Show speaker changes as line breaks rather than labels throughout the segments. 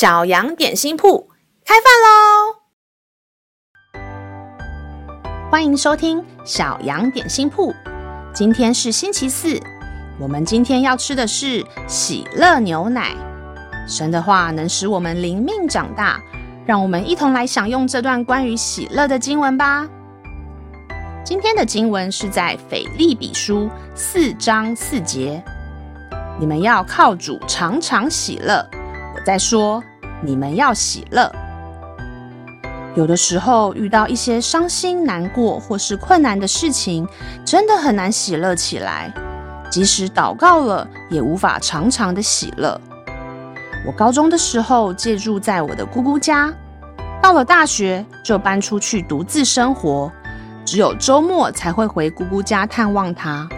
小羊點心鋪開飯嘍！歡迎收聽小羊點心鋪。今天是星期四，我們今天要吃的是喜樂牛奶。神的話能使我們靈命長大，讓我們一同來享用這段關於喜樂的經文吧。今天的經文是在腓利比書四章四節。你們要靠主常常喜樂。我再說。你們要喜樂。有的時候遇到一些傷心、難過或是困難的事情，真的很難喜樂起來。即使禱告了，也無法常常的喜樂。我高中的時候借住在我的姑姑家，到了大學就搬出去獨自生活，只有周末才會回姑姑家探望她。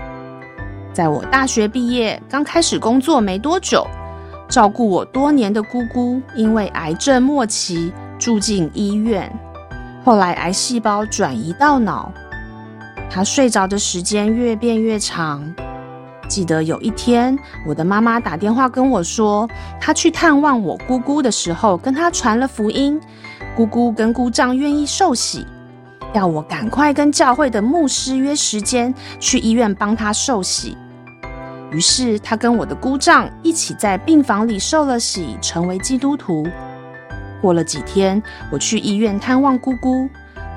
在我大學畢業，剛開始工作沒多久。照顧我多年的姑姑，因為癌症末期住進醫院，後來癌細胞轉移到腦，她睡着的時間越變越長。記得有一天，我的媽媽打電話跟我說，她去探望我姑姑的時候，跟她傳了福音，姑姑跟姑丈願意受洗，要我趕快跟教會的牧師約時間，去醫院幫她受洗。於是，他跟我的姑丈一起在病房裡受了洗，成為基督徒。過了幾天，我去醫院探望姑姑，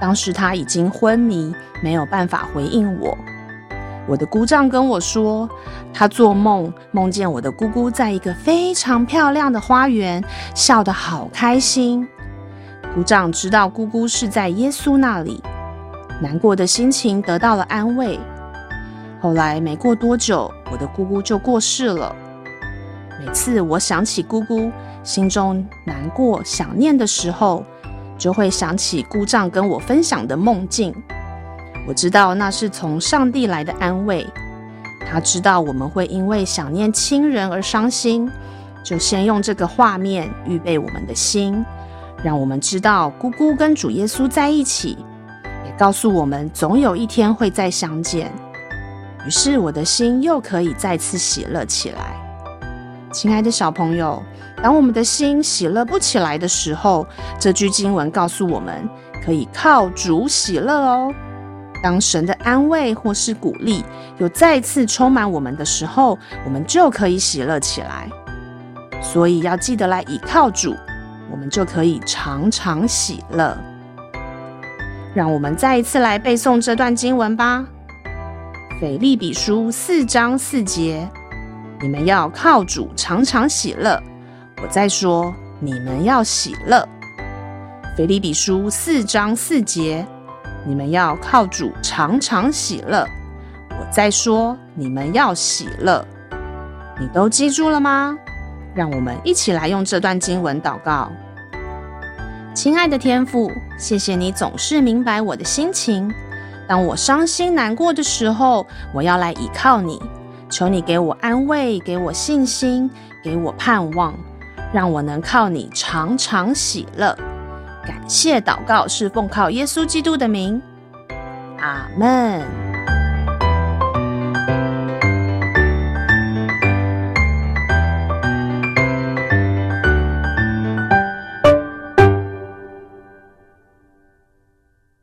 當時她已經昏迷，沒有辦法回應我。我的姑丈跟我說，他做夢夢見我的姑姑在一個非常漂亮的花園，笑得好開心。姑丈知道姑姑是在耶穌那裡，難過的心情得到了安慰。後來沒過多久，我的姑姑就過世了。每次我想起姑姑，心中難過、想念的時候，就會想起姑丈跟我分享的夢境。我知道那是從上帝來的安慰。他知道我們會因為想念親人而傷心，就先用這個畫面預備我們的心，讓我們知道姑姑跟主耶穌在一起，也告訴我們總有一天會再相見。於是我的心又可以再次喜樂起來。親愛的小朋友，當我們的心喜樂不起來的時候，這句經文告訴我們，可以靠主喜樂哦。當神的安慰或是鼓勵又再次充滿我們的時候，我們就可以喜樂起來。所以要記得來倚靠主，我們就可以常常喜樂。讓我們再一次來背誦這段經文吧。腓立比書四章四節，你們要靠主常常喜樂。我再說，你們要喜樂。腓立比書四章四節，你們要靠主常常喜樂。我再說，你們要喜樂。你都記住了嗎？讓我們一起來用這段經文禱告。親愛的天父，謝謝你總是明白我的心情。當我傷心難過的時候，我要來倚靠你，求你給我安慰，給我信心，給我盼望，讓我能靠你常常喜樂。感謝禱告是奉靠耶穌基督的名，阿門。